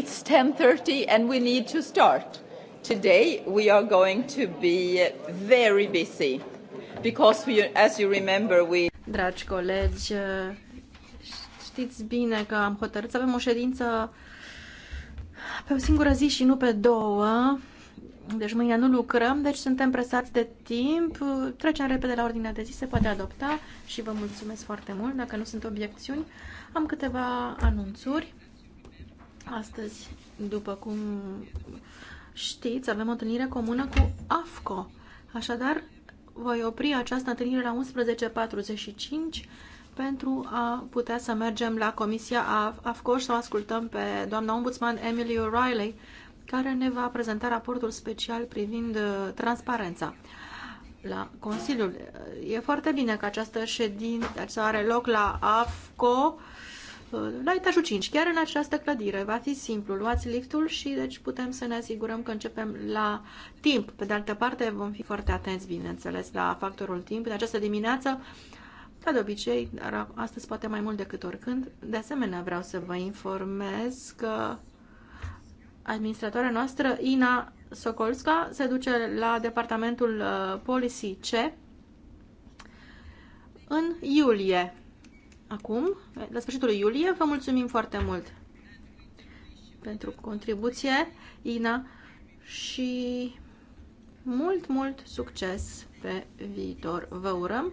It's 10.30 and we need to start. Today we are going to be very busy because we, as you remember we... Dragi colegi, știți bine că am hotărât să avem o ședință pe o singură zi și nu pe două. Deci mâine nu lucrăm, deci suntem presați de timp. Trecem repede la ordinea de zi, se poate adopta și vă mulțumesc foarte mult. Dacă nu sunt obiecțiuni, am câteva anunțuri. Astăzi, după cum știți, avem o întâlnire comună cu AFCO. Așadar, voi opri această întâlnire la 11.45 pentru a putea să mergem la Comisia AFCO și să o ascultăm pe doamna ombudsman Emily O'Reilly, care ne va prezenta raportul special privind uh, transparența la Consiliul. E foarte bine că această ședință are loc la AFCO la etajul 5, chiar în această clădire. Va fi simplu, luați liftul și deci putem să ne asigurăm că începem la timp. Pe de altă parte, vom fi foarte atenți, bineînțeles, la factorul timp. În această dimineață, ca de obicei, dar astăzi poate mai mult decât oricând, de asemenea vreau să vă informez că administratoarea noastră, Ina Sokolska, se duce la departamentul uh, Policy C în iulie acum, la sfârșitul iulie. Vă mulțumim foarte mult pentru contribuție, Ina, și mult, mult succes pe viitor. Vă urăm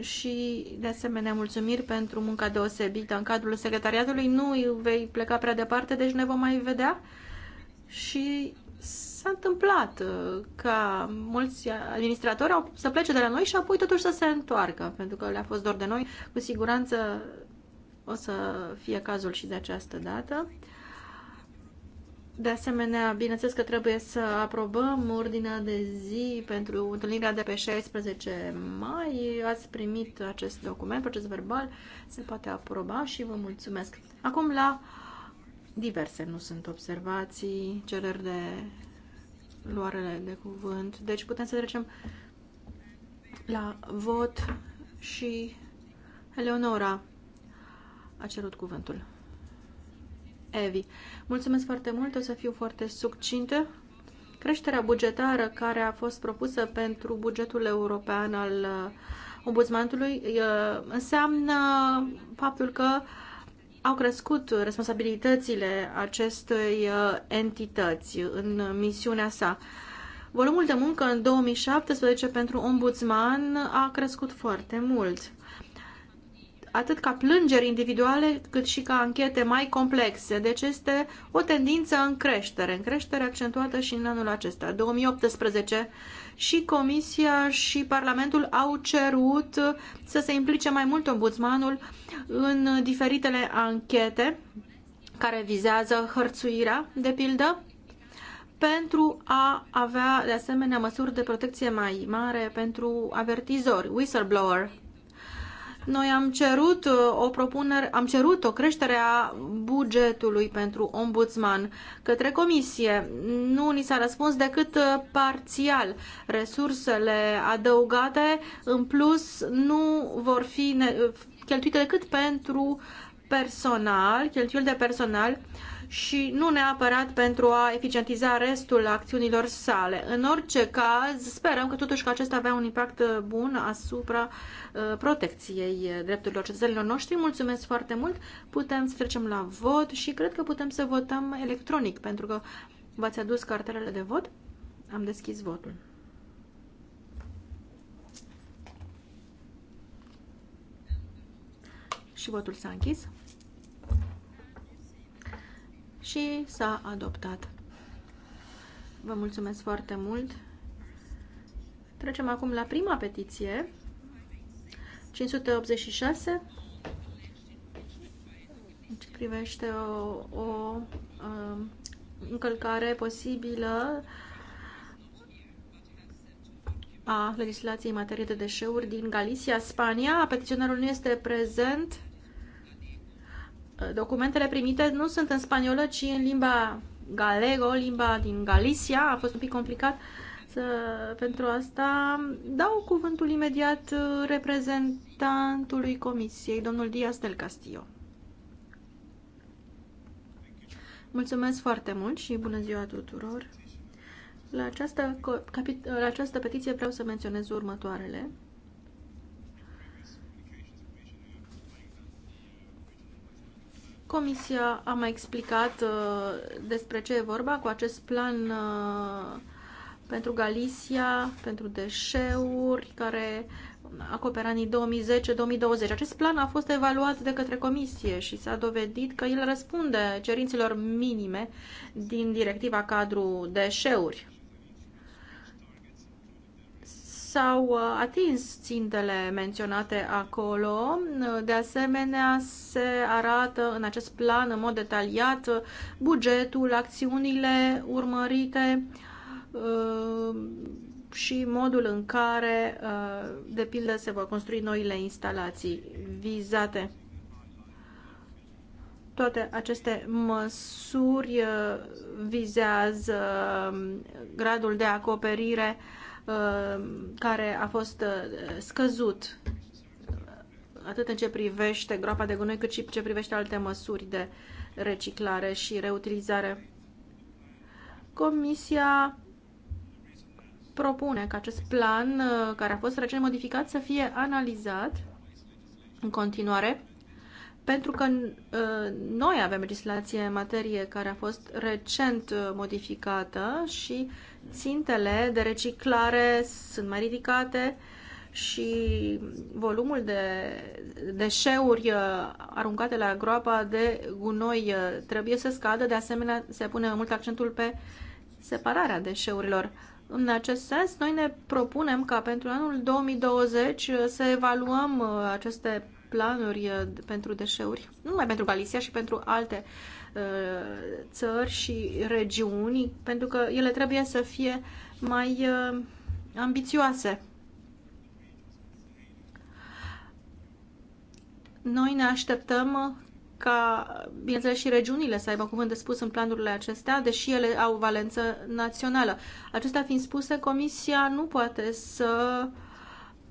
și, de asemenea, mulțumiri pentru munca deosebită în cadrul secretariatului. Nu vei pleca prea departe, deci ne vom mai vedea și s-a întâmplat uh, ca mulți administratori au, să plece de la noi și apoi totuși să se întoarcă, pentru că le-a fost dor de noi. Cu siguranță o să fie cazul și de această dată. De asemenea, bineînțeles că trebuie să aprobăm ordinea de zi pentru întâlnirea de pe 16 mai. Ați primit acest document, proces verbal, se poate aproba și vă mulțumesc. Acum la diverse, nu sunt observații, cereri de luarele de cuvânt. Deci putem să trecem la vot și Eleonora a cerut cuvântul. Evi, mulțumesc foarte mult, o să fiu foarte succintă. Creșterea bugetară care a fost propusă pentru bugetul european al uh, ombudsmanului uh, înseamnă faptul că au crescut responsabilitățile acestei uh, entități în misiunea sa. Volumul de muncă în 2017 pentru ombudsman a crescut foarte mult, atât ca plângeri individuale, cât și ca anchete mai complexe. Deci este o tendință în creștere, în creștere accentuată și în anul acesta, 2018 și Comisia și Parlamentul au cerut să se implice mai mult ombudsmanul în diferitele anchete care vizează hărțuirea, de pildă, pentru a avea, de asemenea, măsuri de protecție mai mare pentru avertizori, whistleblower. Noi am cerut uh, o propunere, am cerut o creștere a bugetului pentru ombudsman către comisie. Nu ni s-a răspuns decât uh, parțial. Resursele adăugate în plus nu vor fi uh, cheltuite decât pentru personal, cheltuieli de personal și nu neapărat pentru a eficientiza restul acțiunilor sale. În orice caz, sperăm că totuși că acesta avea un impact uh, bun asupra uh, protecției uh, drepturilor cetățenilor noștri. Mulțumesc foarte mult! Putem să trecem la vot și cred că putem să votăm electronic, pentru că v-ați adus cartelele de vot. Am deschis votul. Și votul s-a închis și s-a adoptat. Vă mulțumesc foarte mult! Trecem acum la prima petiție, 586, ce privește o, o um, încălcare posibilă a legislației în materie de deșeuri din Galicia, Spania. Petiționarul nu este prezent documentele primite nu sunt în spaniolă, ci în limba galego, limba din Galicia. A fost un pic complicat să, pentru asta. Dau cuvântul imediat uh, reprezentantului comisiei, domnul Diaz del Castillo. Mulțumesc foarte mult și bună ziua tuturor! La această, la această petiție vreau să menționez următoarele. Comisia a mai explicat uh, despre ce e vorba cu acest plan uh, pentru Galicia, pentru deșeuri, care acoperă anii 2010-2020. Acest plan a fost evaluat de către Comisie și s-a dovedit că el răspunde cerințelor minime din directiva cadru deșeuri s-au uh, atins țintele menționate acolo. De asemenea, se arată în acest plan în mod detaliat bugetul, acțiunile urmărite uh, și modul în care, uh, de pildă, se vor construi noile instalații vizate. Toate aceste măsuri vizează um, gradul de acoperire uh, Uh, care a fost uh, scăzut atât în ce privește groapa de gunoi, cât și ce privește alte măsuri de reciclare și reutilizare. Comisia propune că acest plan, uh, care a fost recent modificat, să fie analizat în continuare, pentru că noi avem legislație în materie care a fost recent modificată și uh, țintele de reciclare sunt mai ridicate și volumul de deșeuri aruncate la groapa de gunoi trebuie să scadă. De asemenea, se pune mult accentul pe separarea deșeurilor. În acest sens, noi ne propunem ca pentru anul 2020 să evaluăm uh, aceste planuri uh, pentru deșeuri, nu numai pentru Galicia și pentru alte Uh, țări și regiuni, pentru că ele trebuie să fie mai uh, ambițioase. Noi ne așteptăm ca, bineînțeles, și regiunile să aibă cuvânt de spus în planurile acestea, deși ele au valență națională. Acestea fiind spuse, Comisia nu poate să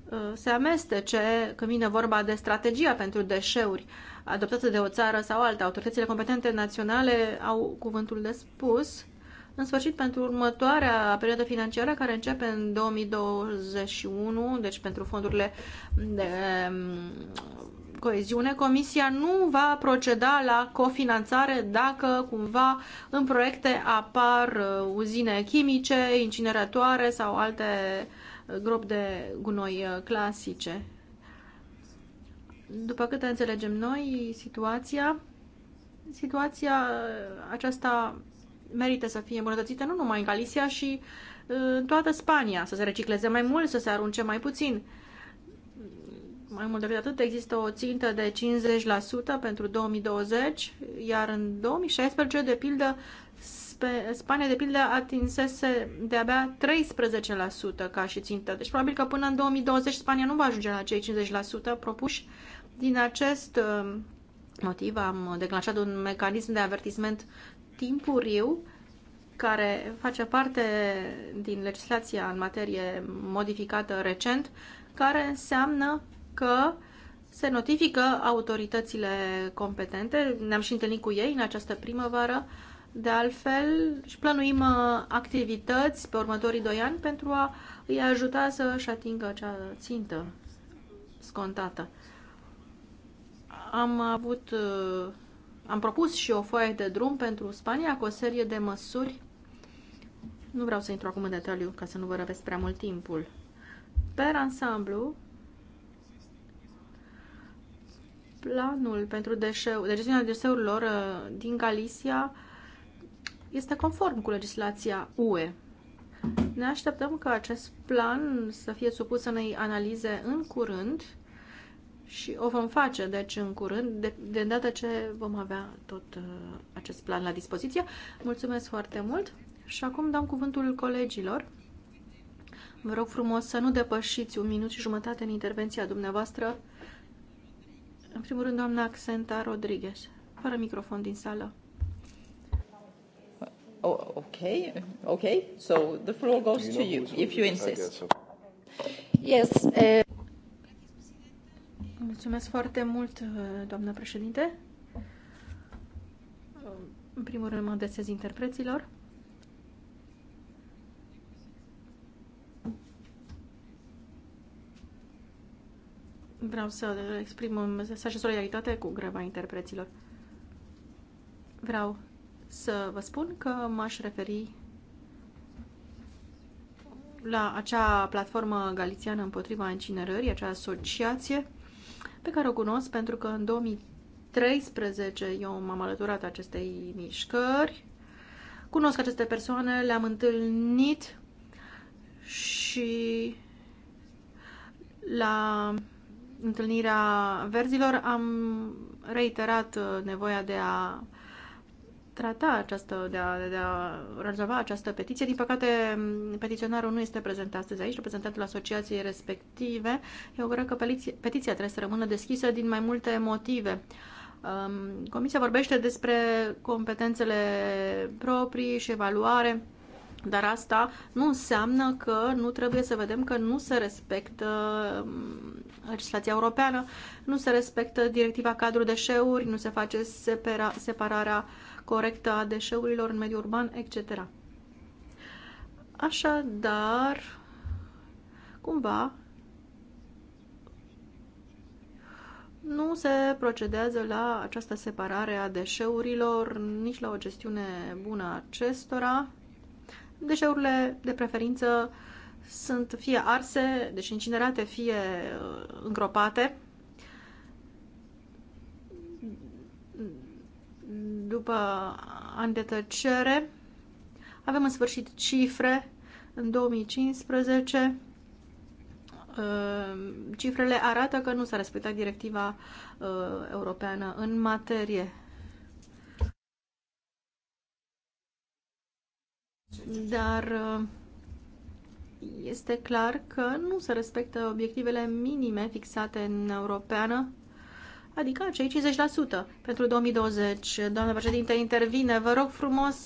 uh, se amestece când vine vorba de strategia pentru deșeuri. Uh, adoptată de o țară sau alta. Autoritățile competente naționale au cuvântul de spus. În sfârșit, pentru următoarea perioadă financiară, care începe în 2021, deci pentru fondurile de mm, coeziune, Comisia nu va proceda la cofinanțare dacă cumva în proiecte apar uh, uzine chimice, incineratoare sau alte uh, gropi de gunoi uh, clasice. După câte înțelegem noi, situația, situația uh, aceasta merită să fie îmbunătățită nu numai în Galicia și uh, în toată Spania, să se recicleze mai mult, să se arunce mai puțin. Mai mult decât atât, există o țintă de 50% pentru 2020, iar în 2016, de pildă, Spania, de pildă, atinsese de-abia 13% ca și țintă. Deci, probabil că până în 2020 Spania nu va ajunge la cei 50% propuși, din acest uh, motiv am declanșat un mecanism de avertisment timpuriu care face parte din legislația în materie modificată recent, care înseamnă că se notifică autoritățile competente. Ne-am și întâlnit cu ei în această primăvară. De altfel, și plănuim uh, activități pe următorii doi ani pentru a îi ajuta să-și atingă acea țintă scontată am avut, uh, am propus și o foaie de drum pentru Spania cu o serie de măsuri. Nu vreau să intru acum în detaliu ca să nu vă răpesc prea mult timpul. Per ansamblu, planul pentru deșeu, de gestiunea deșeurilor uh, din Galicia este conform cu legislația UE. Ne așteptăm ca acest plan să fie supus unei analize în curând și o vom face, deci, în curând, de, de îndată ce vom avea tot uh, acest plan la dispoziție. Mulțumesc foarte mult și acum dau cuvântul colegilor. Vă rog frumos să nu depășiți un minut și jumătate în intervenția dumneavoastră. În primul rând, doamna Accenta Rodriguez, fără microfon din sală. Oh, okay, okay. So the floor goes to you, if you insist. Yes, uh, Mulțumesc foarte mult, uh, doamnă președinte. Uh, în primul rând mă adresez interpreților. Vreau să exprim un mesaj de solidaritate cu greva interpreților. Vreau să vă spun că m-aș referi la acea platformă galițiană împotriva incinerării, acea asociație pe care o cunosc pentru că în 2013 eu m-am alăturat acestei mișcări. Cunosc aceste persoane, le-am întâlnit și la întâlnirea verzilor am reiterat nevoia de a trata această, de a, de a rezolva această petiție. Din păcate, petiționarul nu este prezent astăzi aici, reprezentantul asociației respective. Eu cred că petiția trebuie să rămână deschisă din mai multe motive. Um, Comisia vorbește despre competențele proprii și evaluare, dar asta nu înseamnă că nu trebuie să vedem că nu se respectă um, legislația europeană, nu se respectă directiva cadru deșeuri, nu se face separa, separarea uh, corectă a deșeurilor în mediul urban, etc. Așadar, cumva, nu se procedează la această separare a deșeurilor, nici la o gestiune bună a acestora. Deșeurile, de preferință, sunt fie arse, deci incinerate, fie uh, îngropate după ani de tăcere. Avem în sfârșit cifre în 2015 uh, cifrele arată că nu s-a respectat directiva uh, europeană în materie. Dar uh, este clar că nu se respectă obiectivele minime fixate în europeană adică cei 50% pentru 2020. Doamna președinte, intervine, vă rog frumos,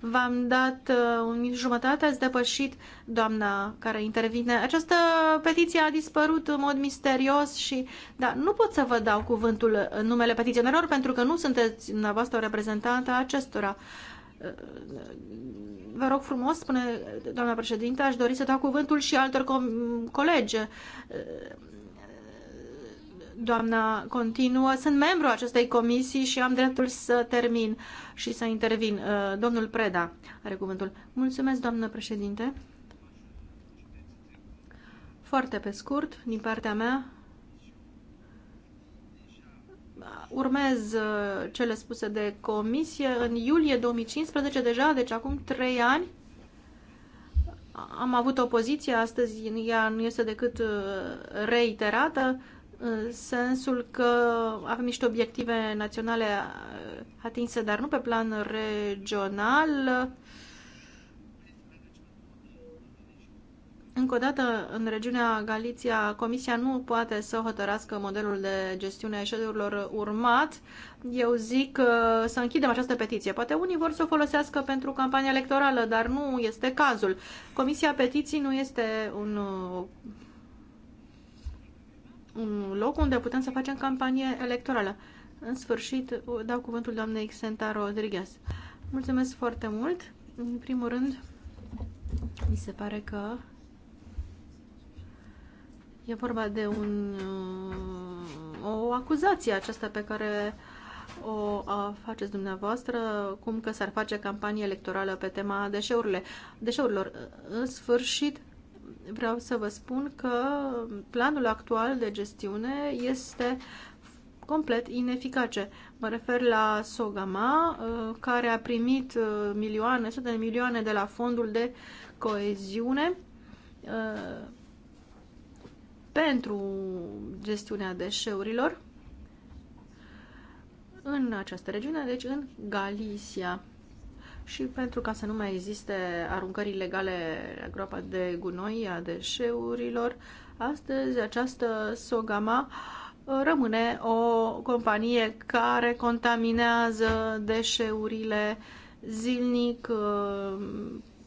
v-am dat uh, un minut jumătate, ați depășit doamna care intervine. Această petiție a dispărut în mod misterios și, da, nu pot să vă dau cuvântul în numele petiționerilor pentru că nu sunteți dumneavoastră reprezentanta acestora. Uh, vă rog frumos, spune doamna președinte, aș dori să dau cuvântul și altor co colegi uh, doamna continuă. Sunt membru acestei comisii și am dreptul să termin și să intervin. Uh, domnul Preda are cuvântul. Mulțumesc, doamnă președinte. Foarte pe scurt, din partea mea, urmez uh, cele spuse de comisie. În iulie 2015, deja, deci acum trei ani, am avut o poziție, astăzi ea nu este decât uh, reiterată, în sensul că avem niște obiective naționale uh, atinse, dar nu pe plan regional. Încă o dată, în regiunea Galiția, Comisia nu poate să hotărască modelul de gestiune a eșeurilor urmat. Eu zic uh, să închidem această petiție. Poate unii vor să o folosească pentru campania electorală, dar nu este cazul. Comisia Petiții nu este un uh, un loc unde putem să facem campanie electorală. În sfârșit, dau cuvântul doamnei Xenta Rodriguez. Mulțumesc foarte mult. În primul rând, mi se pare că e vorba de un, uh, o acuzație aceasta pe care o faceți dumneavoastră, cum că s-ar face campanie electorală pe tema deșeurile, deșeurilor. În sfârșit, vreau să vă spun că planul actual de gestiune este complet ineficace. Mă refer la Sogama, uh, care a primit uh, milioane, sute de milioane de la fondul de coeziune uh, pentru gestiunea deșeurilor în această regiune, deci în Galicia și pentru ca să nu mai existe aruncări ilegale la groapa de gunoi a deșeurilor, astăzi această Sogama uh, rămâne o companie care contaminează deșeurile zilnic, uh,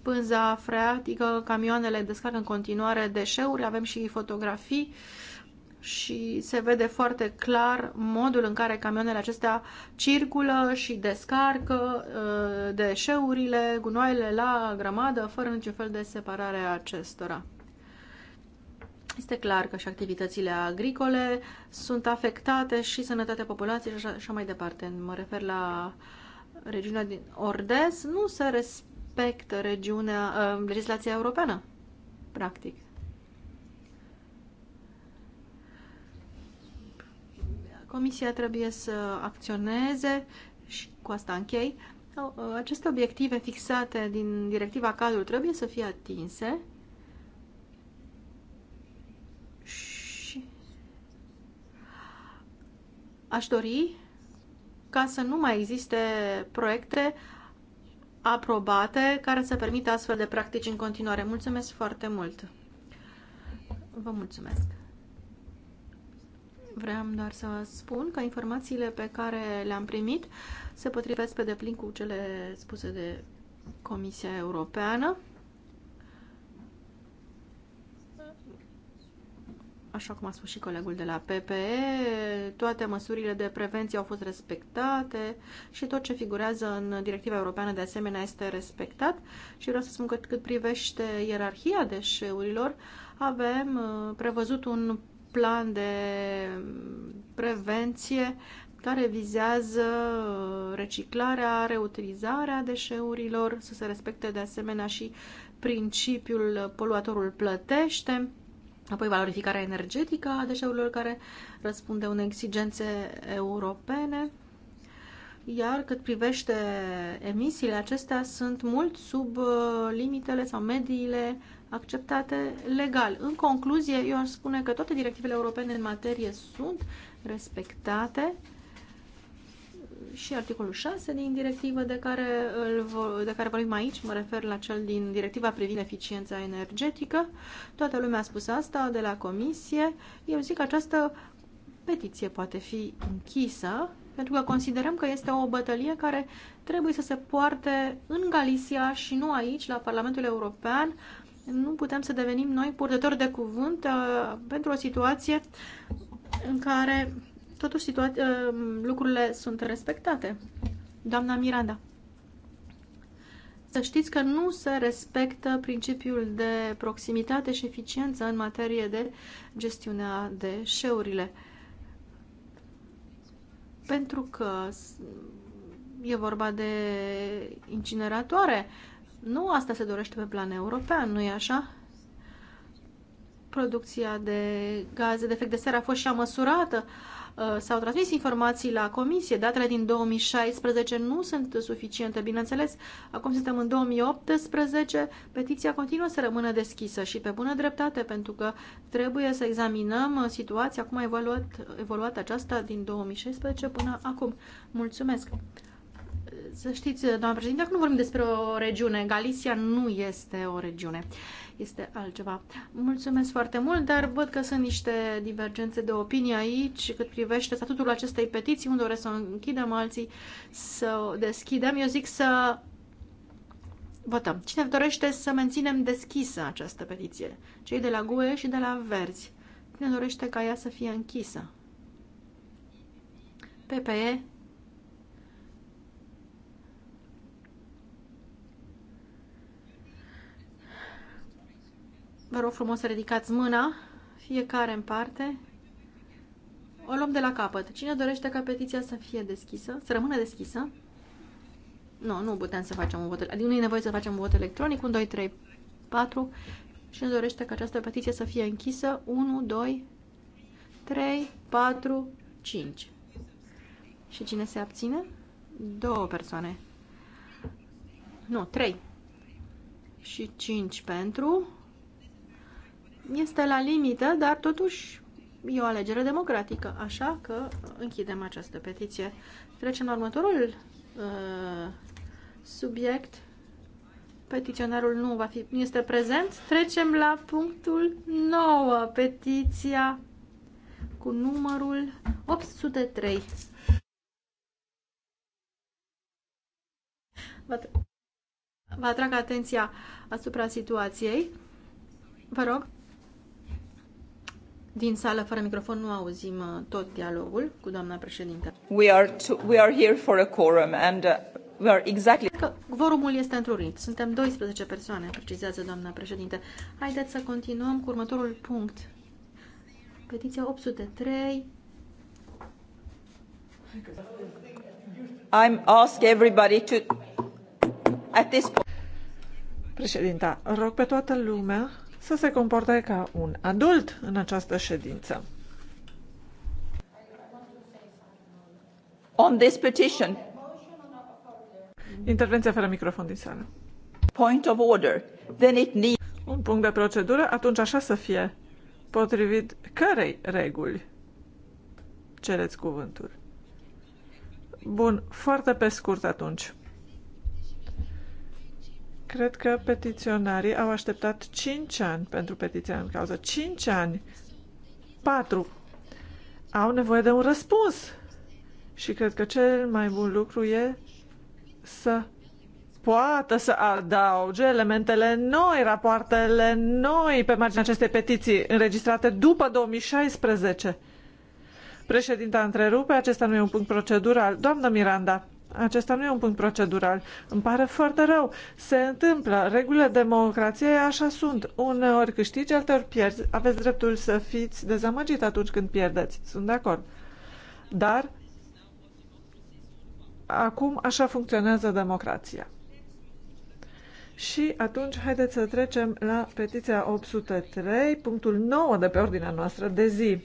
pânza freatică, camioanele descarcă în continuare deșeuri, avem și fotografii uh, și se vede foarte clar modul în care camioanele acestea circulă și descarcă uh, deșeurile, gunoaiele la grămadă, fără niciun fel de separare a acestora. Este clar că și activitățile agricole sunt afectate și sănătatea populației și așa mai departe. Mă refer la regiunea din Ordes, nu se respectă regiunea, uh, legislația europeană, practic. Comisia trebuie să acționeze și cu asta închei. Ă, aceste obiective fixate din directiva cadru trebuie să fie atinse și aș dori ca să nu mai existe proiecte aprobate care să permită astfel de practici în continuare. Mulțumesc foarte mult! Vă mulțumesc! Vreau doar să spun că informațiile pe care le-am primit se potrivesc pe deplin cu cele spuse de Comisia Europeană. Așa cum a spus și colegul de la PPE, toate măsurile de prevenție au fost respectate și tot ce figurează în Directiva Europeană de asemenea este respectat. Și vreau să spun că cât privește ierarhia deșeurilor, avem uh, prevăzut un plan de prevenție care vizează reciclarea, reutilizarea deșeurilor, să se respecte de asemenea și principiul poluatorul plătește, apoi valorificarea energetică a deșeurilor care răspunde unei exigențe europene. Iar cât privește emisiile, acestea sunt mult sub uh, limitele sau mediile uh, acceptate legal. În concluzie, eu aș spune că toate directivele europene în materie sunt respectate și articolul 6 din directivă de care, îl, de care vorbim aici, mă refer la cel din directiva privind eficiența energetică. Toată lumea a spus asta de la comisie. Eu zic că această petiție poate fi închisă pentru că considerăm că este o bătălie care trebuie să se poarte în Galicia și nu aici, la Parlamentul European, nu putem să devenim noi purtători de cuvânt uh, pentru o situație în care totuși situa- uh, lucrurile sunt respectate. Doamna Miranda, să știți că nu se respectă principiul de proximitate și eficiență în materie de gestiunea deșeurile. Pentru că e vorba de incineratoare, uh, nu asta se dorește pe plan european, nu-i așa? Producția de gaze de efect de seră a fost și a măsurată. Uh, s-au transmis informații la comisie. Datele din 2016 nu sunt suficiente, bineînțeles. Acum suntem în 2018. Petiția continuă să rămână deschisă și pe bună dreptate, pentru că trebuie să examinăm situația, cum a evoluat, evoluat aceasta din 2016 până acum. Mulțumesc! Să știți, doamna președinte, că nu vorbim despre o regiune. Galicia nu este o regiune. Este altceva. Mulțumesc foarte mult, dar văd că sunt niște divergențe de opinie aici cât privește statutul acestei petiții. Unde doresc să o închidem, alții să o deschidem. Eu zic să votăm. Cine dorește să menținem deschisă această petiție? Cei de la GUE și de la Verzi. Cine dorește ca ea să fie închisă? PPE Vă rog frumos să ridicați mâna, fiecare în parte. O luăm de la capăt. Cine dorește ca petiția să fie deschisă, să rămână deschisă? Nu, nu putem să facem un vot. Adică nu e nevoie să facem un vot electronic. 1, 2, 3, 4. Cine dorește ca această petiție să fie închisă? 1, 2, 3, 4, 5. Și cine se abține? Două persoane. Nu, 3. Și 5 pentru este la limită, dar totuși e o alegere democratică, așa că închidem această petiție. Trecem la următorul uh, subiect. Petiționarul nu va fi, nu este prezent. Trecem la punctul 9, petiția cu numărul 803. Vă atrag atenția asupra situației. Vă rog. Din sală, fără microfon, nu auzim uh, tot dialogul cu doamna președintă. We are, to, we are here for a quorum and uh, we are exactly... Că vorumul este întrunit. Suntem 12 persoane, precizează doamna președinte. Haideți să continuăm cu următorul punct. Petiția 803. I'm ask everybody to... At this point... Președinta, rog pe toată lumea să se comporte ca un adult în această ședință. On this petition. Intervenție fără microfon din sală. Point of order. Then it needs... Un punct de procedură, atunci așa să fie. Potrivit cărei reguli cereți cuvântul? Bun, foarte pe scurt atunci. Cred că petiționarii au așteptat 5 ani pentru petiția în cauză. 5 ani. 4. Au nevoie de un răspuns. Și cred că cel mai bun lucru e să poată să adauge elementele noi, rapoartele noi pe marginea acestei petiții înregistrate după 2016. Președinta întrerupe, acesta nu e un punct procedural. Doamnă Miranda, acesta nu e un punct procedural. Îmi pare foarte rău. Se întâmplă. Regulile democrației așa sunt. Uneori câștigi, alteori pierzi. Aveți dreptul să fiți dezamăgit atunci când pierdeți. Sunt de acord. Dar acum așa funcționează democrația. Și atunci haideți să trecem la petiția 803, punctul 9 de pe ordinea noastră de zi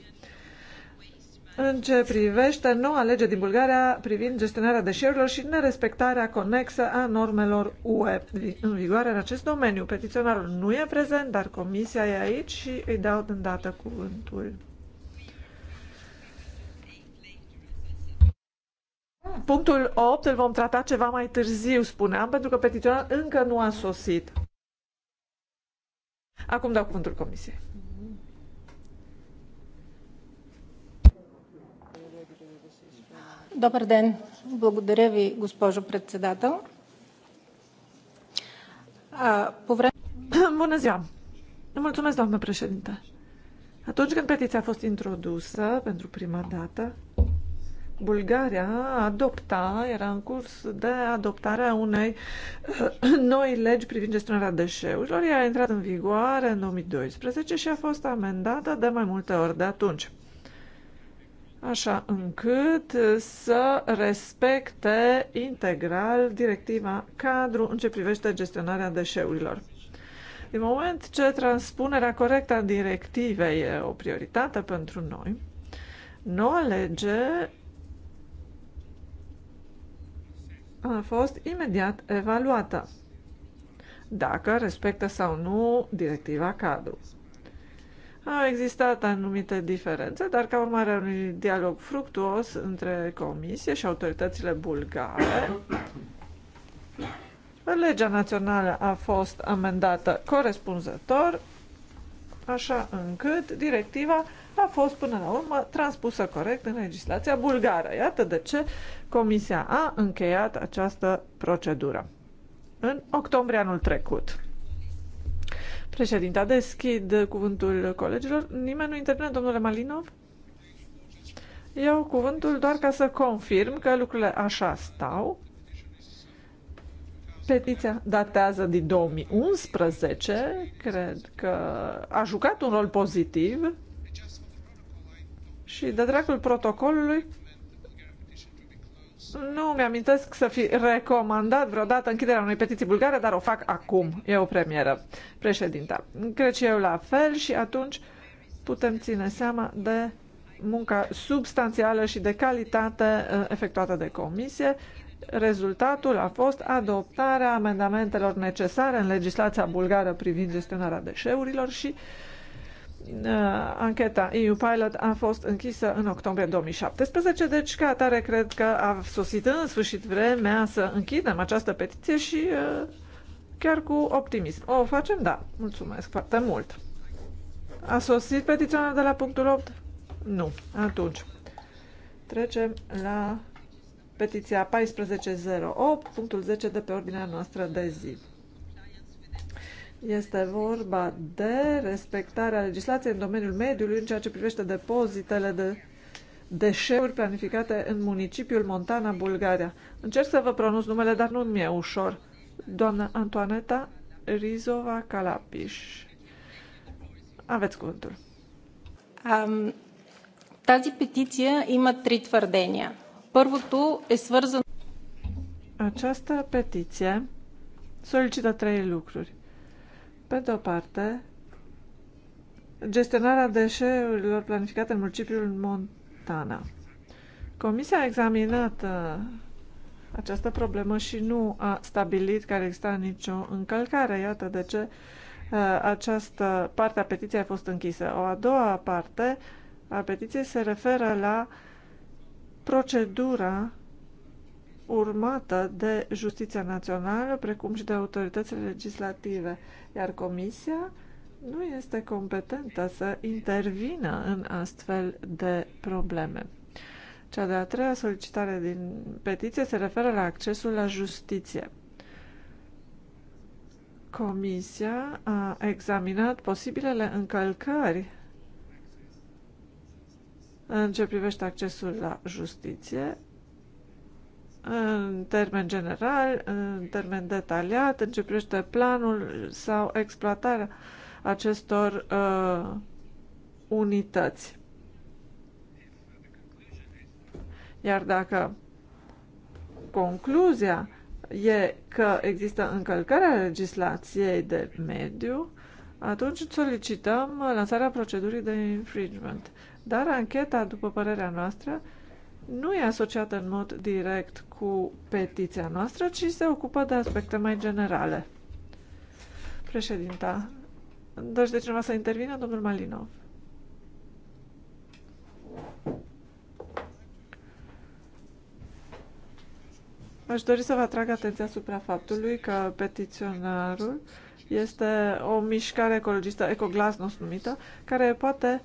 în ce privește noua lege din Bulgaria privind gestionarea deșeurilor și nerespectarea conexă a normelor UE în vigoare în acest domeniu. Petiționarul nu e prezent, dar comisia e aici și îi dau îndată cuvântul. Punctul 8 îl vom trata ceva mai târziu, spuneam, pentru că petiționarul încă nu a sosit. Acum dau cuvântul comisiei. Добър ден! Благодаря ви, госпожо председател. А, по време... Bună ziua! Mulțumesc, doamnă președinte! Atunci când petiția a fost introdusă pentru prima dată, Bulgaria adopta, era în curs de adoptarea unei noi legi privind gestionarea deșeurilor. Ea a intrat în vigoare în 2012 și a fost amendată de mai multe ori de atunci așa încât să respecte integral directiva cadru în ce privește gestionarea deșeurilor. Din moment ce transpunerea corectă a directivei e o prioritate pentru noi, noua lege a fost imediat evaluată dacă respectă sau nu directiva cadru. Au existat anumite diferențe, dar ca urmare a unui dialog fructuos între Comisie și autoritățile bulgare, legea națională a fost amendată corespunzător, așa încât directiva a fost până la urmă transpusă corect în legislația bulgară. Iată de ce Comisia a încheiat această procedură în octombrie anul trecut. Președinta, deschid cuvântul colegilor. Nimeni nu intervine, domnule Malinov? Eu cuvântul doar ca să confirm că lucrurile așa stau. Petiția datează din 2011, cred că a jucat un rol pozitiv și de dragul protocolului nu mi-amintesc să fi recomandat vreodată închiderea unei petiții bulgare, dar o fac acum. E o premieră, președinta. Cred și eu la fel și atunci putem ține seama de munca substanțială și de calitate uh, efectuată de comisie. Rezultatul a fost adoptarea amendamentelor necesare în legislația bulgară privind gestionarea deșeurilor și uh, Uh, ancheta EU Pilot a fost închisă în octombrie 2017, deci ca atare cred că a sosit în sfârșit vremea să închidem această petiție și uh, chiar cu optimism. O facem? Da. Mulțumesc foarte mult. A sosit petiția de la punctul 8? Nu. Atunci. Trecem la petiția 1408, punctul 10 de pe ordinea noastră de zi. Este vorba de respectarea legislației în domeniul mediului în ceea ce privește depozitele de deșeuri planificate în municipiul Montana, Bulgaria. Încerc să vă pronunț numele, dar nu mi-e ușor. Doamna Antoaneta Rizova Calapiș. Aveți cuvântul. Um, tazi petiție има три твърдения. Първото е свързано... Această petiție solicită trei lucruri. Pe de o parte, gestionarea deșeurilor planificate în municipiul Montana. Comisia a examinat uh, această problemă și nu a stabilit că exista nicio încălcare. Iată de ce uh, această parte a petiției a fost închisă. O a doua parte a petiției se referă la procedura urmată de justiția națională, precum și de autoritățile legislative, iar Comisia nu este competentă să intervină în astfel de probleme. Cea de-a treia solicitare din petiție se referă la accesul la justiție. Comisia a examinat posibilele încălcări în ce privește accesul la justiție în termen general, în termen detaliat, în ce privește planul sau exploatarea acestor uh, unități. Iar dacă concluzia e că există încălcarea legislației de mediu, atunci solicităm lansarea procedurii de infringement. Dar ancheta, după părerea noastră, uh, nu e asociată în mod direct cu petiția noastră, ci se ocupă de aspecte mai generale. Președinta, dorește cineva să intervină, domnul Malinov? Aș dori să vă atrag atenția asupra faptului că petiționarul este o mișcare ecologistă, Ecoglasnos numită, care poate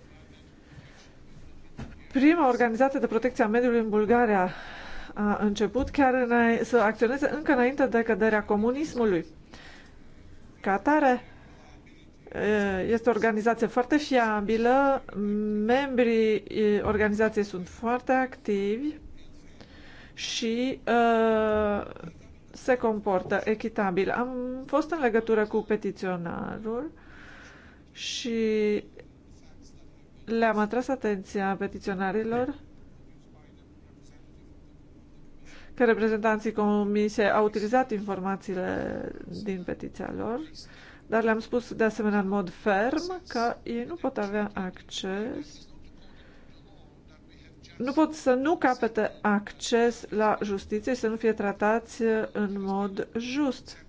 Prima organizație de protecție a mediului în Bulgaria a început chiar în a, să acționeze încă înainte de căderea comunismului. Ca atare, este o organizație foarte fiabilă, membrii organizației sunt foarte activi și uh, se comportă echitabil. Am fost în legătură cu petiționarul și le-am atras atenția petiționarilor că reprezentanții comisiei au utilizat informațiile din petiția lor, dar le-am spus de asemenea în mod ferm că ei nu pot avea acces nu pot să nu capete acces la justiție și să nu fie tratați în mod just.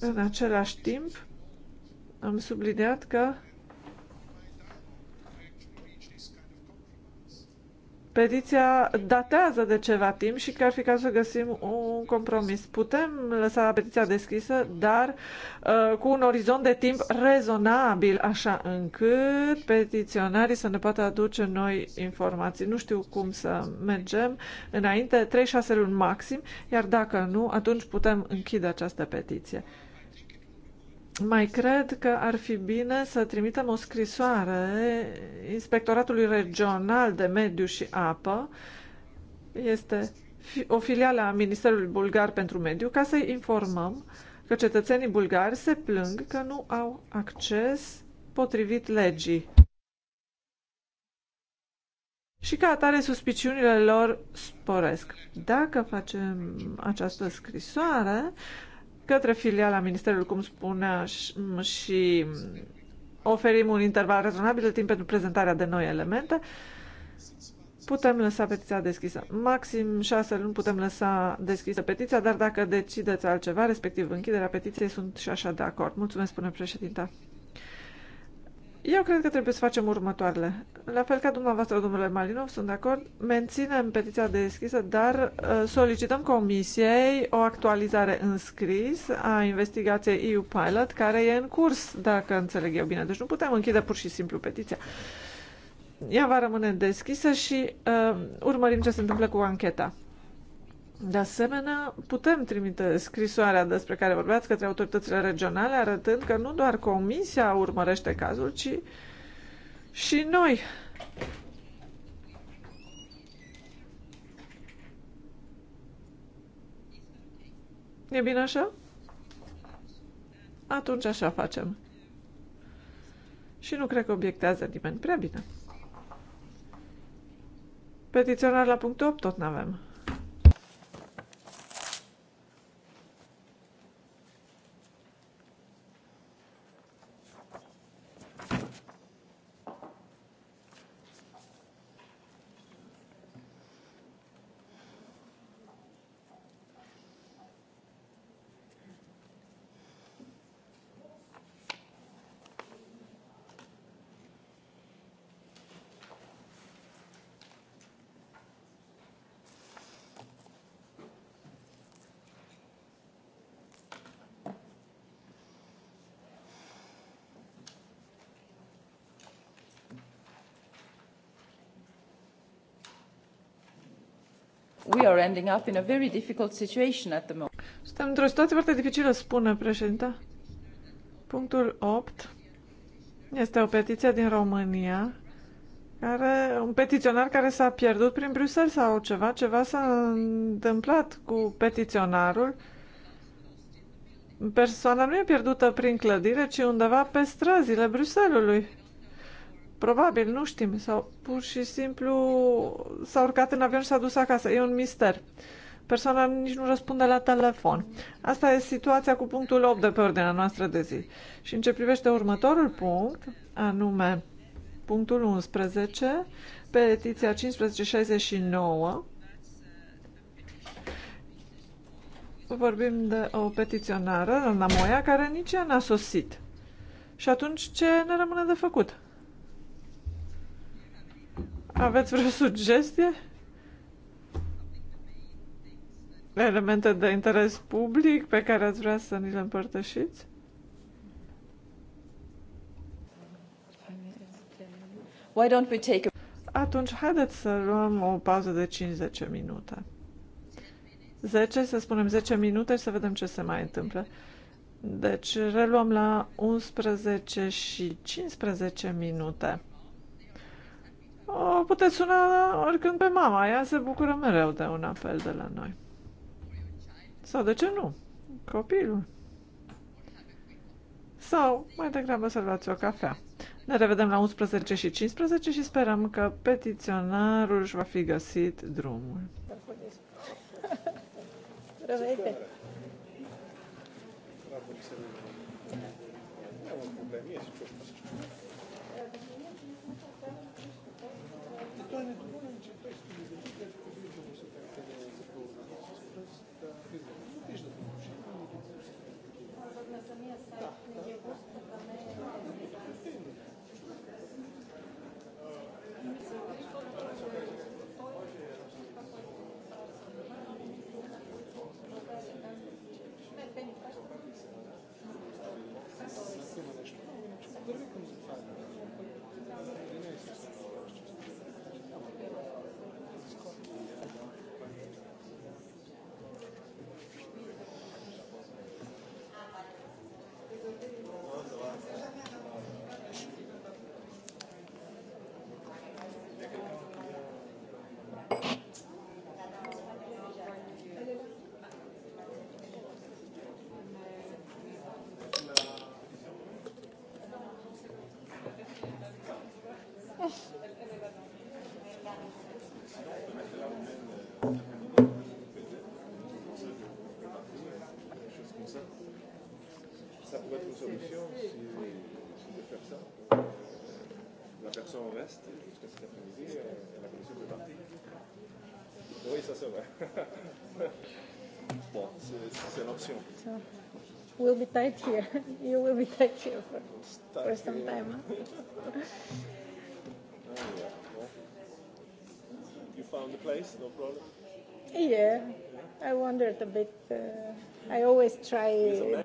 În același timp, am subliniat că petiția datează de ceva timp și că ar fi ca să găsim un compromis. Putem lăsa petiția deschisă, dar uh, cu un orizont de timp rezonabil, așa încât petiționarii să ne poată aduce noi informații. Nu știu cum să mergem înainte, 3-6 luni maxim, iar dacă nu, atunci putem închide această petiție. Mai cred că ar fi bine să trimitem o scrisoare Inspectoratului Regional de Mediu și Apă, este o filială a Ministerului Bulgar pentru Mediu, ca să-i informăm că cetățenii bulgari se plâng că nu au acces potrivit legii și ca atare suspiciunile lor sporesc. Dacă facem această scrisoare, către filiala Ministerului, cum spunea, și oferim un interval rezonabil de timp pentru prezentarea de noi elemente, putem lăsa petiția deschisă. Maxim șase luni putem lăsa deschisă petiția, dar dacă decideți altceva, respectiv închiderea petiției, sunt și așa de acord. Mulțumesc, spune președinta. Eu cred că trebuie să facem următoarele. La fel ca dumneavoastră, domnule Malinov, sunt de acord, menținem petiția deschisă, dar uh, solicităm comisiei o actualizare în scris a investigației EU Pilot, care e în curs, dacă înțeleg eu bine. Deci nu putem închide pur și simplu petiția. Ea va rămâne deschisă și uh, urmărim ce se întâmplă cu ancheta. De asemenea, putem trimite scrisoarea despre care vorbeați către autoritățile regionale, arătând că nu doar Comisia urmărește cazul, ci și noi. E bine așa? Atunci așa facem. Și nu cred că obiectează nimeni. Prea bine. Petiționar la punctul 8 tot n-avem. we are ending up in a very difficult situation at the moment. Suntem într-o situație foarte dificilă, spune președinta. Punctul 8 este o petiție din România care, un petiționar care s-a pierdut prin Bruxelles sau ceva, ceva s-a întâmplat cu petiționarul. Persoana nu e pierdută prin clădire, ci undeva pe străzile Bruxellesului. Probabil, nu știm, sau pur și simplu s-a urcat în avion și s-a dus acasă. E un mister. Persoana nici nu răspunde la telefon. Asta e situația cu punctul 8 de pe ordinea noastră de zi. Și în ce privește următorul punct, anume punctul 11, pe petiția 1569, vorbim de o petiționară, Rana Moia, care nici ea n-a sosit. Și atunci ce ne rămâne de făcut? Aveți vreo sugestie? Elemente de interes public pe care ați vrea să ni le împărtășiți? Why don't we take a... Atunci, haideți să luăm o pauză de 5-10 minute. 10, să spunem 10 minute și să vedem ce se mai întâmplă. Deci, reluăm la 11 și 15 minute. O ah, puteți suna oricând pe mama, ea se bucură mereu de un apel de la noi. Sau de ce nu? Copilul. Sau mai degrabă să luați o cafea. Ne revedem la 11 și 15 și sperăm că petiționarul își va fi găsit drumul. Revedere! Nu am probleme, ești Ты то не думал, ничего, то есть ты не solution, c'est de faire ça. La personne reste jusqu'à cet après-midi, euh, la commission peut partir. Oui, ça, c'est vrai. bon, c'est une option. we'll be tight here. You will be tight here for, for some time. oh, yeah. well, you found the place, no problem? Yeah, I wondered a bit. Uh, I always try.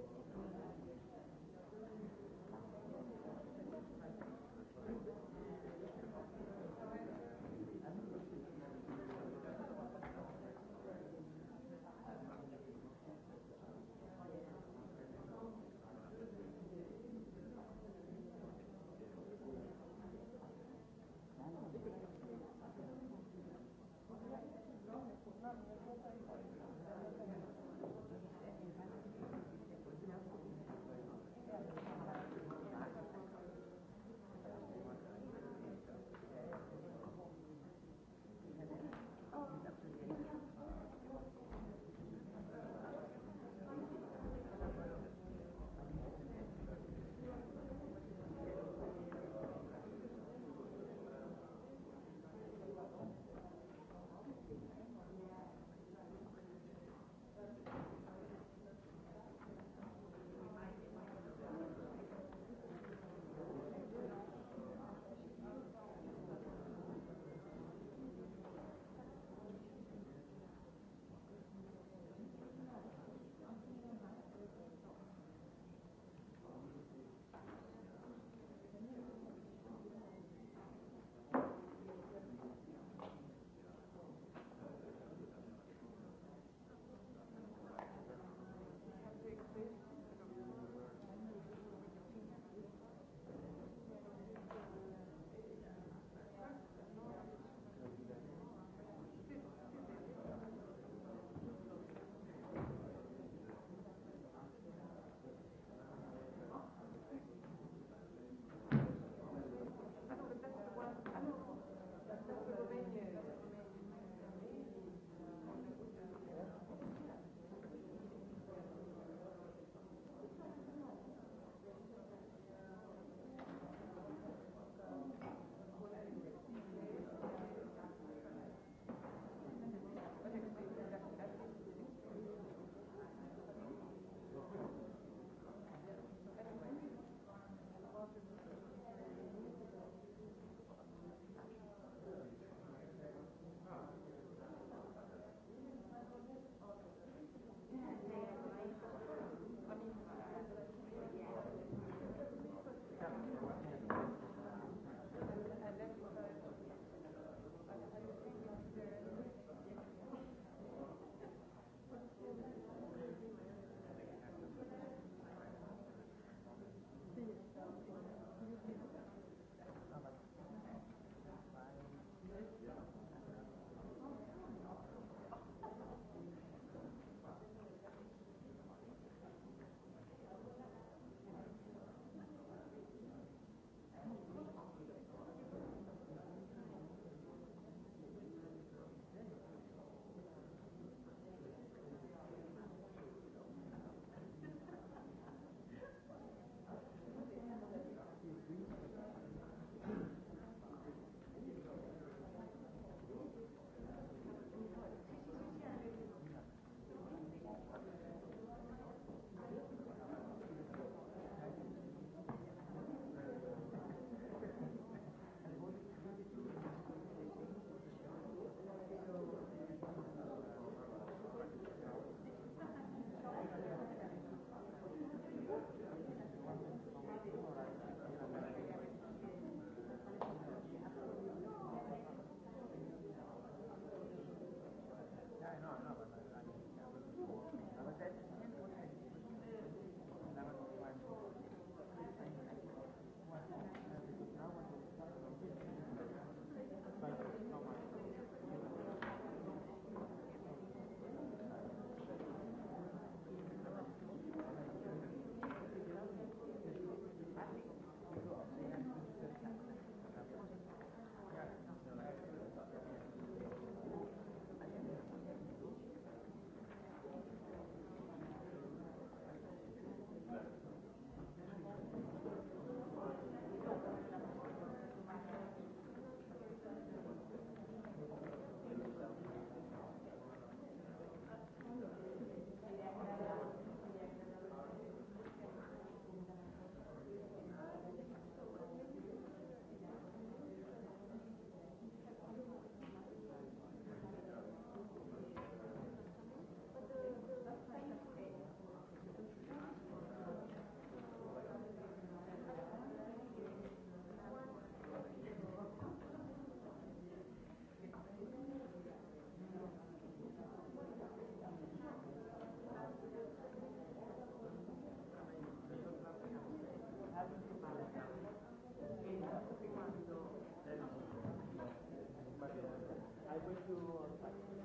going to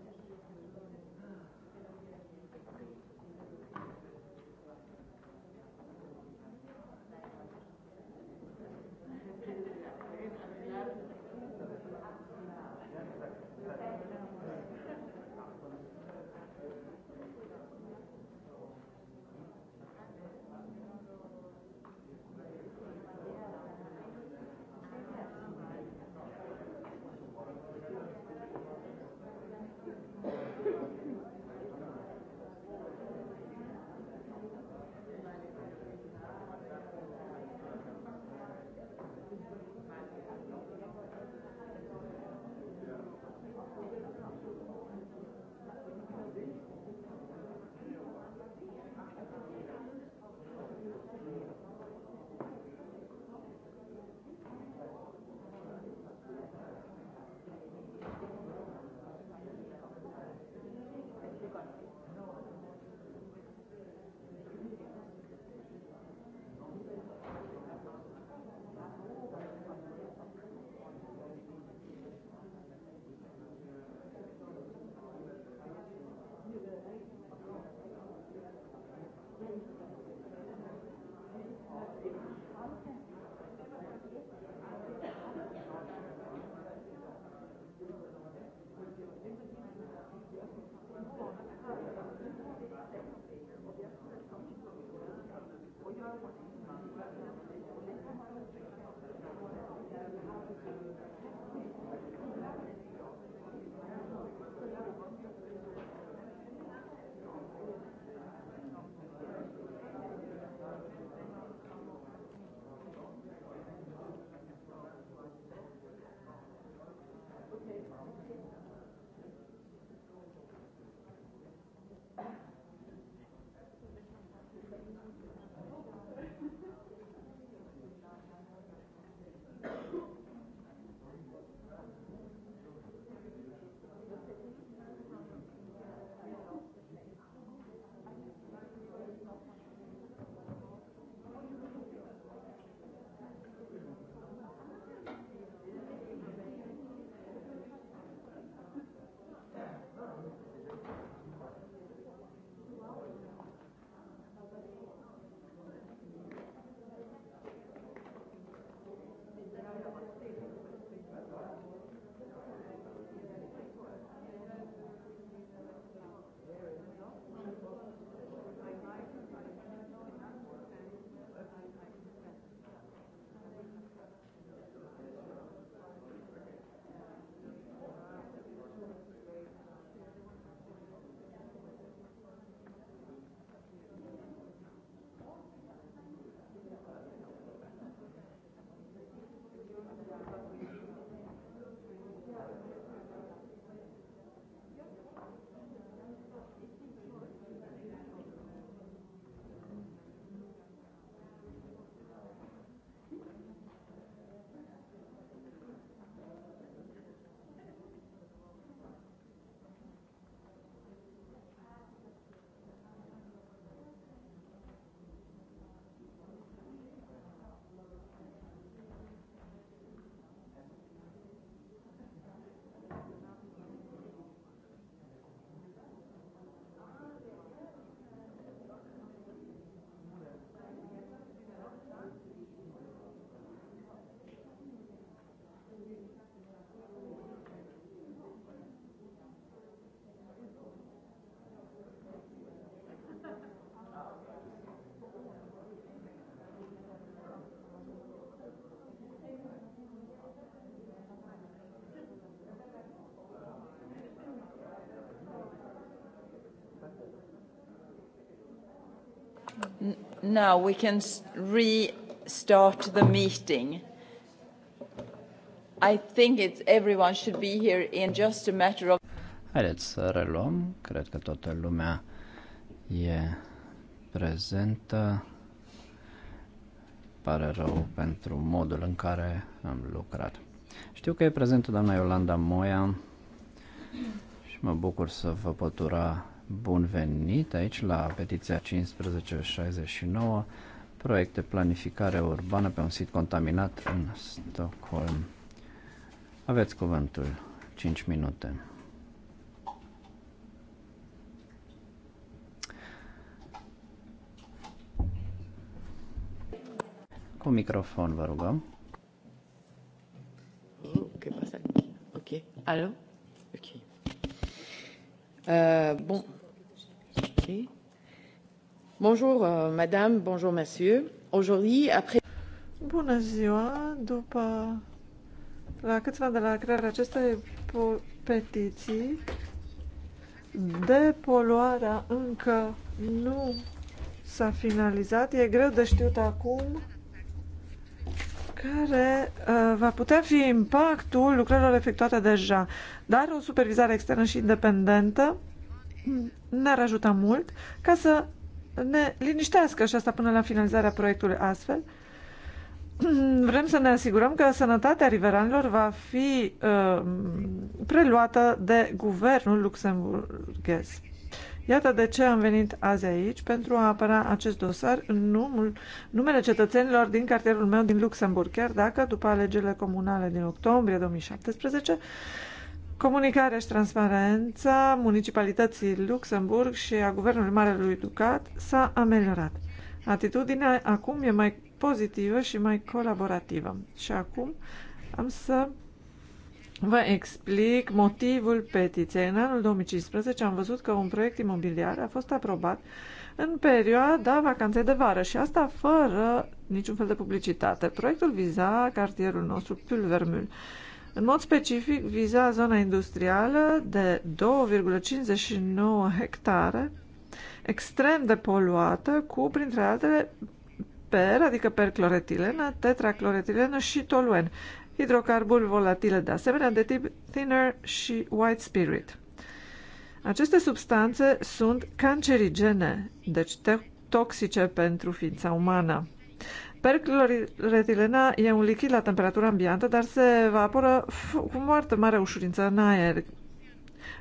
Voglio la Now we can restart the meeting. I think it's everyone should be here in just a matter of Haideți să reluăm. Cred că toată lumea e prezentă. Pare rău pentru modul în care am lucrat. Știu că e prezentă doamna Iolanda Moia și mă bucur să vă pot ura Bun venit aici la petiția 1569, proiect de planificare urbană pe un sit contaminat în Stockholm. Aveți cuvântul, 5 minute. Cu microfon, vă rugăm. Ok, pasă. Ok, alo? Ok. Uh, bun. Euh, Bună ziua! După la câțiva de la crearea acestei petiții, depoluarea încă nu s-a finalizat. E greu de știut acum care uh, va putea fi impactul lucrărilor efectuate deja, dar o supervizare externă și independentă ne-ar ajuta mult ca să ne liniștească și asta până la finalizarea proiectului astfel. Vrem să ne asigurăm că sănătatea riveranilor va fi uh, preluată de guvernul luxemburghez. Iată de ce am venit azi aici, pentru a apăra acest dosar în numul, numele cetățenilor din cartierul meu din Luxemburg, chiar dacă, după alegerile comunale din octombrie 2017, Comunicare și transparența municipalității Luxemburg și a Guvernului Marelui Ducat s-a ameliorat. Atitudinea acum e mai pozitivă și mai colaborativă. Și acum am să vă explic motivul petiției. În anul 2015 am văzut că un proiect imobiliar a fost aprobat în perioada vacanței de vară și asta fără niciun fel de publicitate. Proiectul viza cartierul nostru, Pulvermul. În mod specific, viza zona industrială de 2,59 hectare, extrem de poluată, cu, printre altele, per, adică percloretilenă, tetracloretilenă și toluen, hidrocarburi volatile de asemenea de tip thinner și white spirit. Aceste substanțe sunt cancerigene, deci toxice pentru ființa umană. Percloretilena e un lichid la temperatură ambientă, dar se evaporă cu foarte mare ușurință în aer.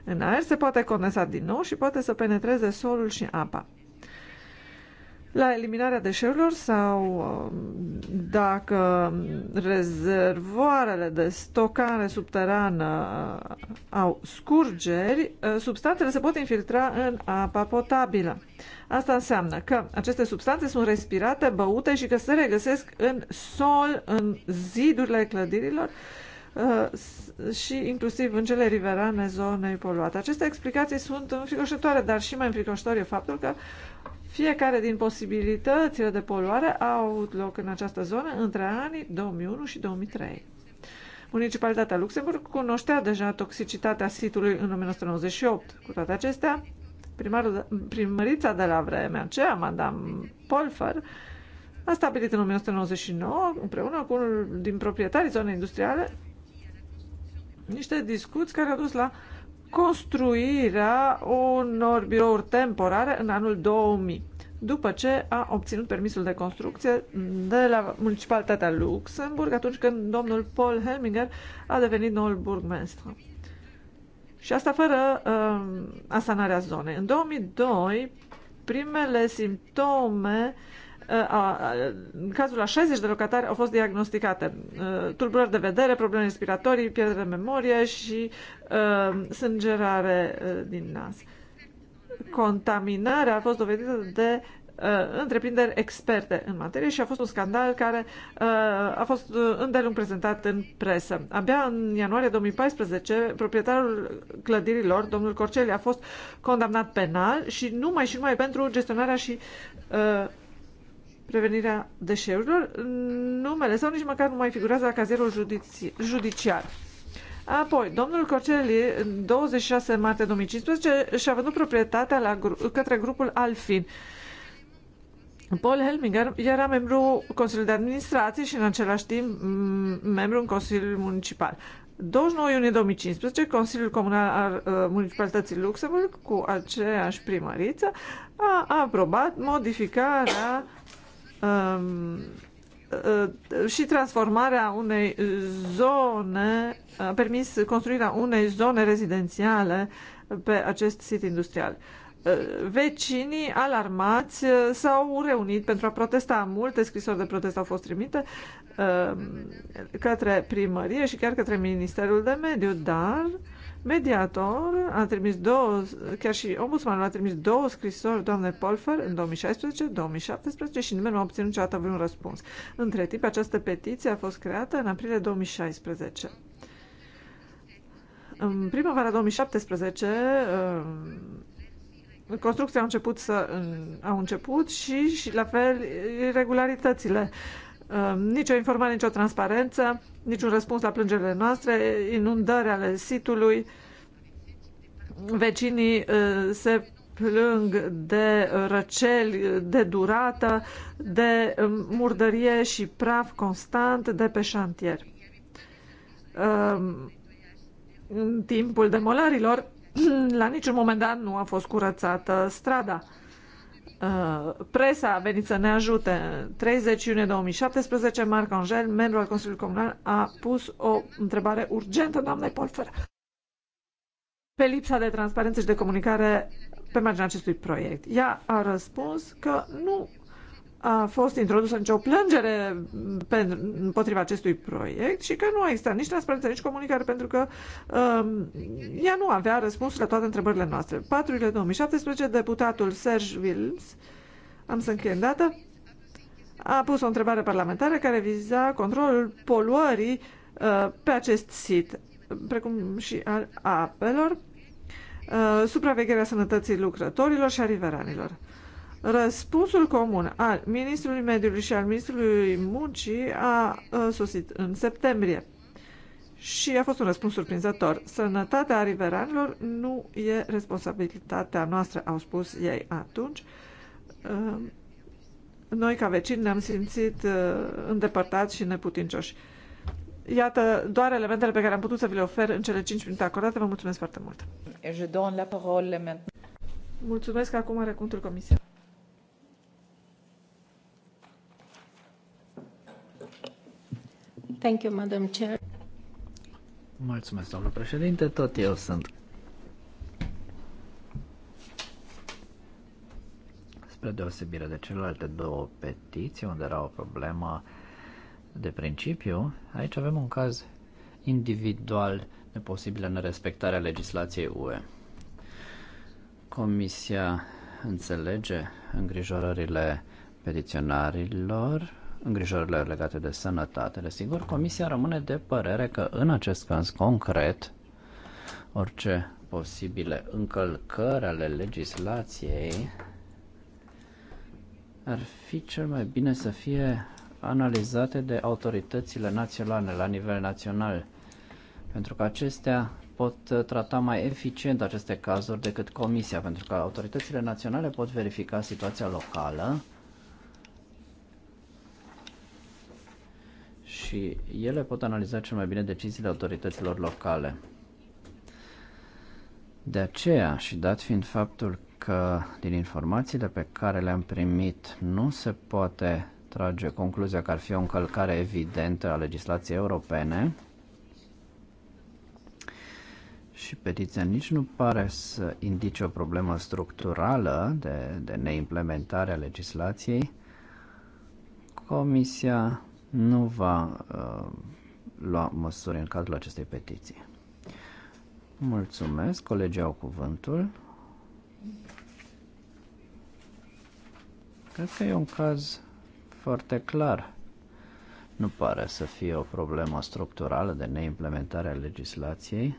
În aer se poate condensa din nou și poate să penetreze solul și apa la eliminarea deșeurilor sau um, dacă rezervoarele de stocare subterană uh, au scurgeri, uh, substanțele se pot infiltra în apa potabilă. Asta înseamnă că aceste substanțe sunt respirate, băute și că se regăsesc în sol, în zidurile clădirilor Uh, și inclusiv în cele riverane zonei poluate. Aceste explicații sunt înfricoșătoare, dar și mai înfricoșător e faptul că fiecare din posibilitățile de poluare a avut loc în această zonă între anii 2001 și 2003. Municipalitatea Luxemburg cunoștea deja toxicitatea sitului în 1998. Cu toate acestea, primarul, primărița de la vremea aceea, Madame Polfer, a stabilit în 1999, împreună cu unul din proprietarii zonei industriale, niște discuții care au dus la construirea unor birouri temporare în anul 2000, după ce a obținut permisul de construcție de la Municipalitatea Luxemburg, atunci când domnul Paul Helminger a devenit noul burgmestru. Și asta fără uh, asanarea zonei. În 2002, primele simptome uh, în cazul a 60 de locatari au fost diagnosticate uh, tulburări de vedere, probleme respiratorii, pierdere de memorie și uh, sângerare uh, din nas. Contaminarea a fost dovedită de uh, întreprinderi experte în materie și a fost un scandal care a fost îndelung prezentat în presă. Abia în ianuarie 2014, proprietarul clădirilor, domnul Corceli, a fost condamnat penal și numai și numai pentru gestionarea și uh, prevenirea deșeurilor, numele sau nici măcar nu mai figurează la cazierul judici judiciar. Apoi, domnul Corceli, în 26 martie 2015, și-a vândut proprietatea la, către grupul Alfin. Paul Helminger era membru Consiliului de Administrație și în același timp membru în Consiliul Municipal. 29 iunie 2015, Consiliul Comunal al uh, Municipalității Luxemburg, cu aceeași primăriță, a aprobat modificarea Um, uh, și transformarea unei zone, a permis construirea unei zone rezidențiale pe acest sit industrial. Uh, vecinii alarmați s-au reunit pentru a protesta. Multe scrisori de protest au fost trimite um, către primărie și chiar către Ministerul de Mediu, dar uh, Mediator a trimis două, chiar și ombudsmanul a trimis două scrisori doamnei Polfer în 2016-2017 și nimeni nu a obținut niciodată vreun răspuns. Între timp, această petiție a fost creată în aprilie 2016. În primăvara 2017, construcția a început să, au început și, și la fel, irregularitățile Um, nicio informare, nicio transparență, niciun răspuns la plângerile noastre, inundări ale sitului. Vecinii uh, se plâng de răceli de durată, de um, murdărie și praf constant de pe șantier. Um, în timpul demolărilor, la niciun moment dat nu a fost curățată strada Uh, presa a venit să ne ajute. 30 iunie 2017, Marc Angel, membru al Consiliului Comunal, a pus o întrebare urgentă doamnei Polfer pe lipsa de transparență și de comunicare pe marginea acestui proiect. Ea a răspuns că nu a fost introdusă nicio plângere pentru, împotriva acestui proiect și că nu a existat nici transparență, nici comunicare, pentru că um, ea nu avea răspuns la toate întrebările noastre. 4 iulie 2017, deputatul Serge Wills, am să închei dată, a pus o întrebare parlamentară care viza controlul poluării uh, pe acest sit, precum și al apelor, uh, supravegherea sănătății lucrătorilor și a riveranilor. Răspunsul comun al Ministrului Mediului și al Ministrului Muncii a sosit în septembrie și a fost un răspuns surprinzător. Sănătatea riveranilor nu e responsabilitatea noastră, au spus ei atunci. Ehm, noi, ca vecini, ne-am simțit îndepărtați și neputincioși. Iată doar elementele pe care am putut să vi le ofer în cele 5 minute acordate. Vă mulțumesc foarte mult! Mulțumesc acum are comisiei. Thank you, Madam Chair. Mulțumesc, doamnă președinte, tot eu sunt. Spre deosebire de celelalte două petiții, unde era o problemă de principiu, aici avem un caz individual de posibilă nerespectare a legislației UE. Comisia înțelege îngrijorările petiționarilor îngrijorările legate de sănătate. Desigur, Comisia rămâne de părere că în acest caz concret, orice posibile încălcări ale legislației ar fi cel mai bine să fie analizate de autoritățile naționale la nivel național, pentru că acestea pot trata mai eficient aceste cazuri decât comisia, pentru că autoritățile naționale pot verifica situația locală și ele pot analiza cel mai bine deciziile autorităților locale. De aceea, și dat fiind faptul că din informațiile pe care le-am primit nu se poate trage concluzia că ar fi o încălcare evidentă a legislației europene și petiția nici nu pare să indice o problemă structurală de, de neimplementare a legislației, Comisia nu va uh, lua măsuri în cadrul acestei petiții. Mulțumesc, colegii au cuvântul. Cred că e un caz foarte clar. Nu pare să fie o problemă structurală de neimplementare a legislației.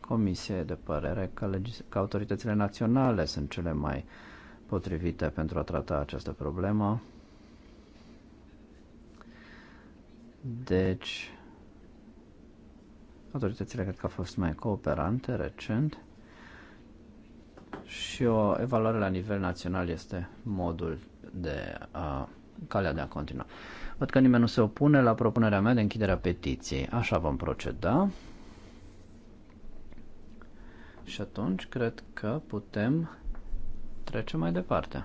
Comisia e de părere că, că autoritățile naționale sunt cele mai uh, potrivite pentru a trata această problemă. Deci, autoritățile cred că au fost mai cooperante recent și o evaluare la nivel național este modul de a, calea de a continua. Văd că nimeni nu se opune la propunerea mea de închiderea petiției. Așa vom proceda. Și atunci cred că putem Trecem mai departe.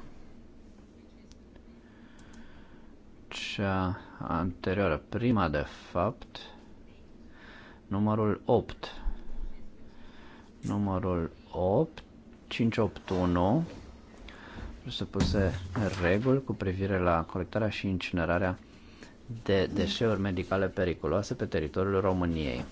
Cea anterioară, prima de fapt, numărul 8. Numărul 8, 581, presupuse reguli cu privire la colectarea și incinerarea de deșeuri medicale periculoase pe teritoriul României.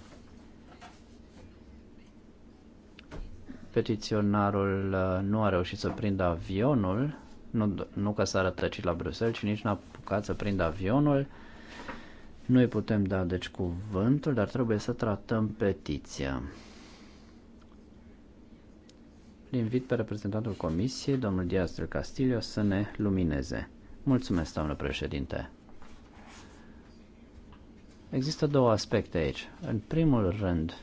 petiționarul uh, nu a reușit să prindă avionul, nu, nu că s-a rătăcit la Bruxelles, ci nici n-a apucat să prindă avionul. Nu îi putem da, deci, cuvântul, dar trebuie să tratăm petiția. Îl invit pe reprezentantul Comisiei, domnul Diaz del Castillo, să ne lumineze. Mulțumesc, doamnă președinte. Există două aspecte aici. În primul rând,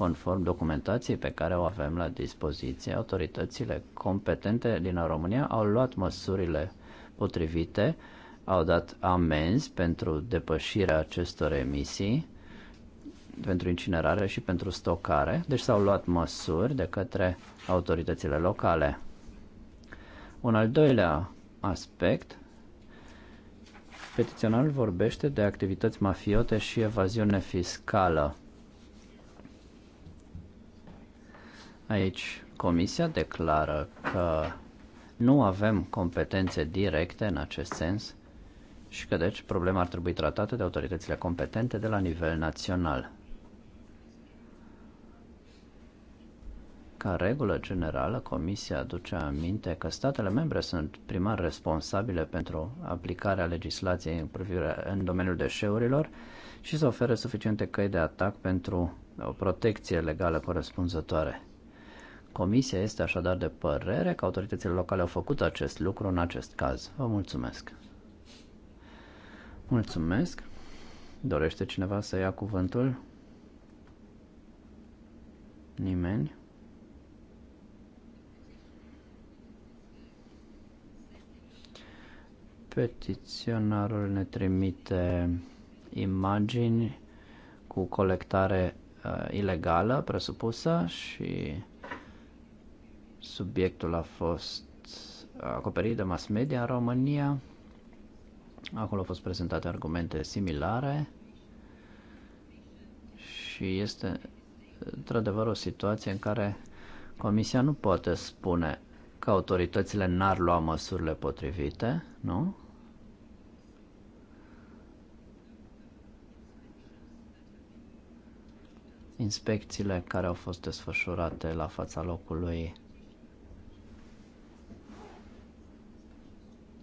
Conform documentației pe care o avem la dispoziție, autoritățile competente din România au luat măsurile potrivite, au dat amenzi pentru depășirea acestor emisii, pentru incinerare și pentru stocare, deci s-au luat măsuri de către autoritățile locale. Un al doilea aspect, petiționarul vorbește de activități mafiote și evaziune fiscală. Aici Comisia declară că nu avem competențe directe în acest sens și că deci problema ar trebui tratată de autoritățile competente de la nivel național. Ca regulă generală, Comisia aduce aminte că statele membre sunt primar responsabile pentru aplicarea legislației în, privire, în domeniul deșeurilor și să ofere suficiente căi de atac pentru o protecție legală corespunzătoare. Comisia este așadar de părere că autoritățile locale au făcut acest lucru în acest caz. Vă mulțumesc. Mulțumesc. Dorește cineva să ia cuvântul? Nimeni? Petiționarul ne trimite imagini cu colectare uh, ilegală presupusă și Subiectul a fost acoperit de mass media în România. Acolo au fost prezentate argumente similare și este într-adevăr o situație în care Comisia nu poate spune că autoritățile n-ar lua măsurile potrivite, nu? Inspecțiile care au fost desfășurate la fața locului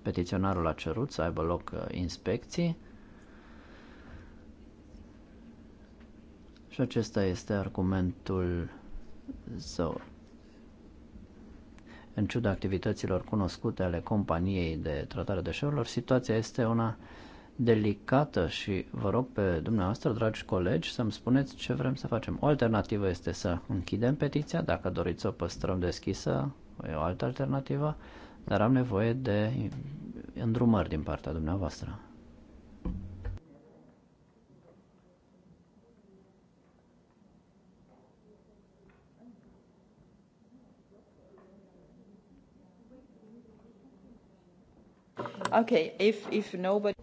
Petiționarul a cerut să aibă loc uh, inspecții și acesta este argumentul său. În ciuda activităților cunoscute ale companiei de tratare deșeurilor, situația este una delicată și vă rog pe dumneavoastră, dragi colegi, să-mi spuneți ce vrem să facem. O alternativă este să închidem petiția, dacă doriți să o păstrăm deschisă, e o altă alternativă dar am nevoie de îndrumări din partea dumneavoastră. Okay, if if nobody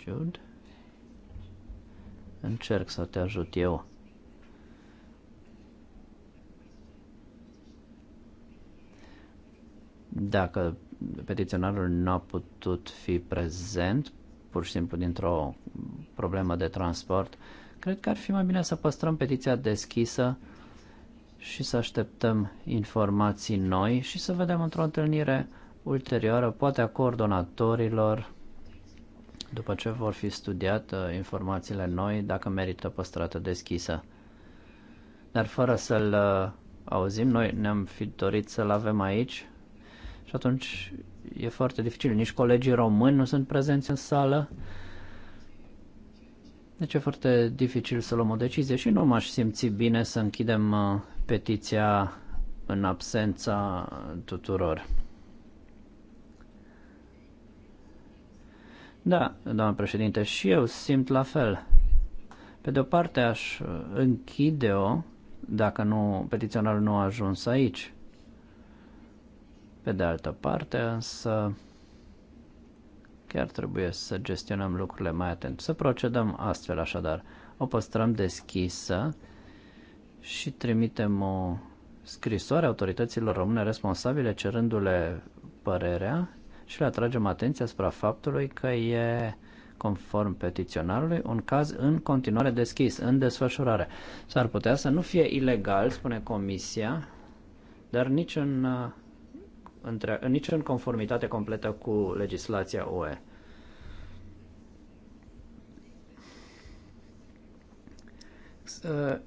Jude Încerc să te ajut eu. Dacă petiționarul nu a putut fi prezent, pur și simplu dintr-o problemă de transport, cred că ar fi mai bine să păstrăm petiția deschisă și să așteptăm informații noi și să vedem într-o întâlnire ulterioară, poate a coordonatorilor, după ce vor fi studiate informațiile noi, dacă merită păstrată deschisă. Dar fără să-l uh, auzim, noi ne-am fi dorit să-l avem aici și atunci e foarte dificil. Nici colegii români nu sunt prezenți în sală. Deci e foarte dificil să luăm o decizie și nu m-aș simți bine să închidem uh, petiția în absența tuturor. Da, doamnă președinte, și eu simt la fel. Pe de o parte aș închide-o dacă nu, petiționarul nu a ajuns aici. Pe de altă parte, însă, chiar trebuie să gestionăm lucrurile mai atent. Să procedăm astfel, așadar. O păstrăm deschisă și trimitem o scrisoare autorităților române responsabile cerându-le părerea și le atragem atenția asupra faptului că e conform petiționarului, un caz în continuare deschis, în desfășurare. S-ar putea să nu fie ilegal, spune Comisia, dar nici în între, nici în conformitate completă cu legislația UE. Să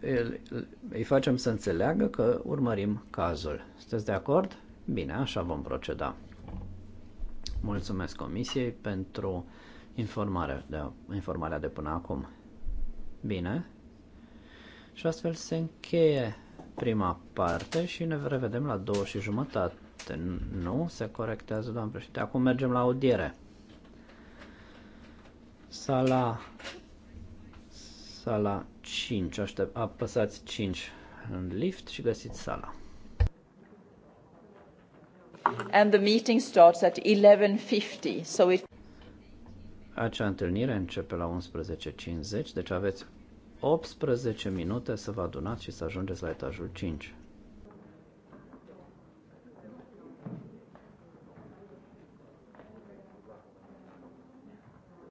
îi facem să înțeleagă că urmărim cazul. Sunteți de acord? Bine, așa vom proceda. Mulțumesc Comisiei pentru informare de, informarea de până acum. Bine. Și astfel se încheie prima parte și ne revedem la două și jumătate. 7. Nu se corectează, doamnă președinte. Acum mergem la audiere. Sala, sala 5. Aștept, apăsați 5 în lift și găsiți sala. And the meeting starts at 11.50, so it... Acea întâlnire începe la 11.50, deci aveți 18 minute să vă adunați și să ajungeți la etajul 5.